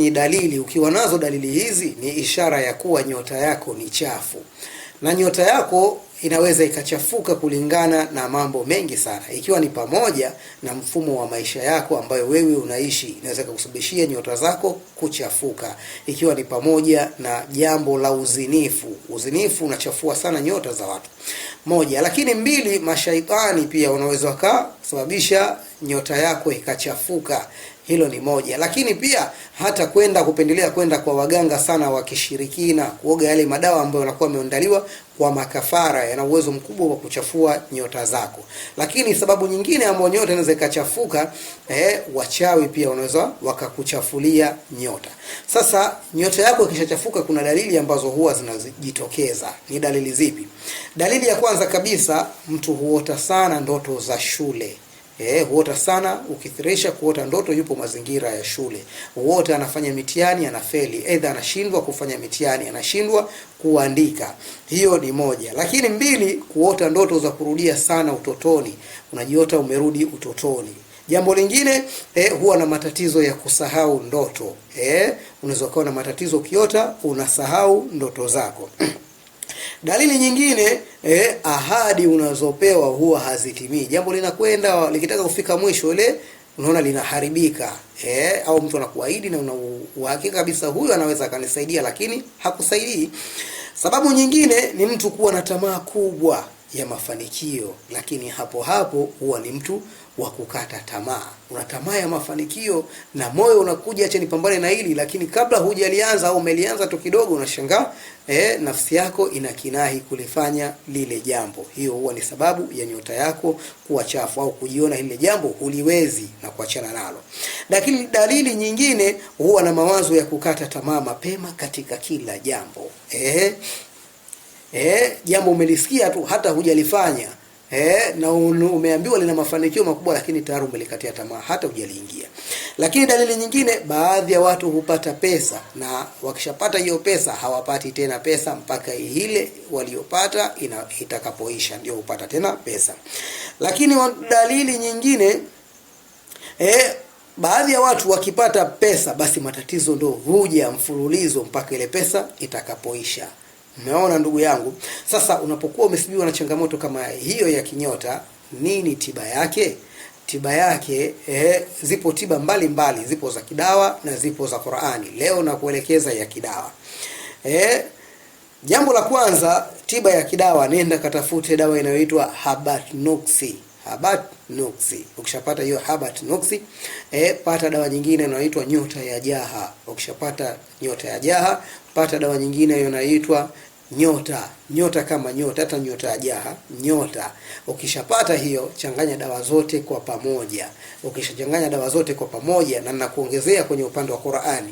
ni dalili. Ukiwa nazo dalili hizi, ni ishara ya kuwa nyota yako ni chafu, na nyota yako inaweza ikachafuka kulingana na mambo mengi sana, ikiwa ni pamoja na mfumo wa maisha yako ambayo wewe unaishi, inaweza kukusababishia nyota zako kuchafuka, ikiwa ni pamoja na jambo la uzinifu. Uzinifu unachafua sana nyota za watu, moja. Lakini mbili, mashaitani pia wanaweza wakasababisha nyota yako ikachafuka, hilo ni moja, lakini pia hata kwenda kupendelea kwenda kwa waganga sana wa kishirikina kuoga yale madawa ambayo yanakuwa yameandaliwa kwa makafara, yana uwezo mkubwa wa kuchafua nyota zako. Lakini sababu nyingine ambayo nyota inaweza ikachafuka, eh, wachawi pia wanaweza wakakuchafulia nyota. Sasa nyota yako ikishachafuka, kuna dalili ambazo huwa zinajitokeza. Ni dalili zipi? Dalili ya kwanza kabisa, mtu huota sana ndoto za shule Eh, huota sana, ukithirisha kuota ndoto yupo mazingira ya shule. Huota anafanya mitihani anafeli, aidha anashindwa kufanya mitihani, anashindwa kuandika. Hiyo ni moja. Lakini mbili, kuota ndoto za kurudia sana utotoni. Unajiota umerudi utotoni. Jambo lingine eh, huwa na matatizo ya kusahau ndoto. Eh, unaweza kuwa na matatizo ukiota unasahau ndoto zako. Dalili nyingine eh, ahadi unazopewa huwa hazitimii. Jambo linakwenda likitaka kufika mwisho ile unaona linaharibika eh, au mtu anakuahidi na una uhakika kabisa huyu anaweza akanisaidia, lakini hakusaidii. Sababu nyingine ni mtu kuwa na tamaa kubwa ya mafanikio, lakini hapo hapo huwa ni mtu wa kukata tamaa. Una tamaa ya mafanikio na moyo unakuja, acha nipambane na hili, lakini kabla hujalianza au umelianza tu kidogo, unashangaa eh, nafsi yako inakinahi kulifanya lile jambo. Hiyo huwa ni sababu ya nyota yako kuwa chafu au kujiona lile jambo huliwezi na kuachana nalo. Lakini dalili nyingine, huwa na mawazo ya kukata tamaa mapema katika kila jambo eh eh, jambo umelisikia tu hata hujalifanya eh, na umeambiwa lina mafanikio makubwa, lakini tayari umelikatia tamaa, hata hujaliingia. Lakini dalili nyingine, baadhi ya watu hupata pesa na wakishapata hiyo pesa hawapati tena pesa mpaka ile waliopata ina itakapoisha, ndio hupata tena pesa. Lakini dalili nyingine eh, baadhi ya watu wakipata pesa basi matatizo ndo huja mfululizo mpaka ile pesa itakapoisha. Naona ndugu yangu, sasa unapokuwa umesibiwa na changamoto kama hiyo ya kinyota, nini tiba yake? Tiba yake eh, zipo tiba mbalimbali mbali, zipo za kidawa na zipo za Qur'ani. Leo na kuelekeza ya kidawa eh, jambo la kwanza, tiba ya kidawa, nenda katafute dawa inayoitwa habatnoksi habat nuksi. Ukishapata hiyo habat nuksi e, eh, pata dawa nyingine inayoitwa nyota ya jaha. Ukishapata nyota ya jaha, pata dawa nyingine inayoitwa nyota nyota kama nyota, hata nyota ya jaha nyota. Ukishapata hiyo, changanya dawa zote kwa pamoja. Ukishachanganya dawa zote kwa pamoja, na ninakuongezea kwenye upande wa Qur'ani,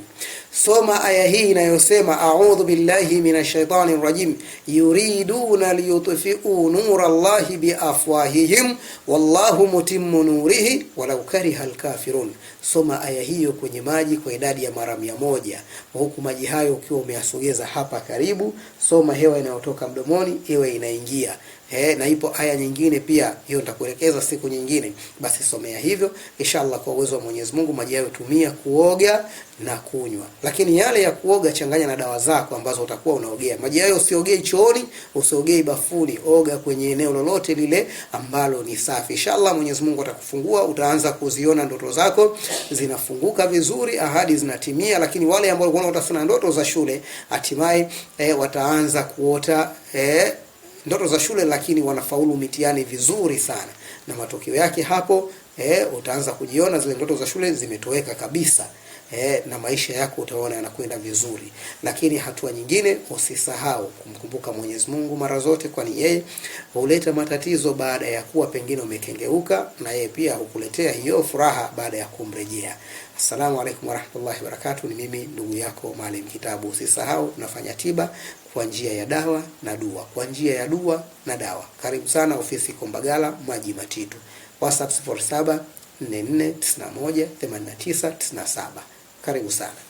soma aya hii inayosema a'udhu billahi minashaitani rajim, yuriduna liyutfi'u nura Allahi biafwahihim wallahu mutimmu nurihi walau kariha alkafirun. Soma aya hiyo kwenye maji kwa idadi ya mara mia moja, huku maji hayo ukiwa umeyasogeza hapa karibu. Soma hewa inayotoka mdomoni iwe inaingia. Eh, na ipo aya nyingine pia hiyo nitakuelekeza siku nyingine. Basi somea hivyo inshallah, kwa uwezo wa Mwenyezi Mungu maji hayo tumia kuoga na kunywa, lakini yale ya kuoga changanya na dawa zako ambazo utakuwa unaogea maji hayo. Usiogee chooni, usiogee bafuni, oga kwenye eneo lolote lile ambalo ni safi. Inshallah Mwenyezi Mungu atakufungua, utaanza kuziona ndoto zako zinafunguka vizuri, ahadi zinatimia. Lakini wale ambao walikuwa wanaota sana ndoto za shule hatimaye eh, wataanza kuota eh, ndoto za shule, lakini wanafaulu mitihani vizuri sana, na matokeo yake hapo eh, utaanza kujiona zile ndoto za shule zimetoweka kabisa. Eh, na maisha yako utaona yanakwenda vizuri, lakini hatua nyingine, usisahau kumkumbuka Mwenyezi Mungu mara zote, kwani yeye huleta matatizo baada ya kuwa pengine umekengeuka, na yeye pia hukuletea hiyo furaha baada ya kumrejea. Assalamu alaikum warahmatullahi wabarakatuh. Ni mimi ndugu yako Maalim Kitabu. Usisahau nafanya tiba kwa njia ya dawa na dua, kwa njia ya dua na dawa. Karibu sana ofisi Kombagala, Maji Matitu. WhatsApp 0744918997. Karibu sana.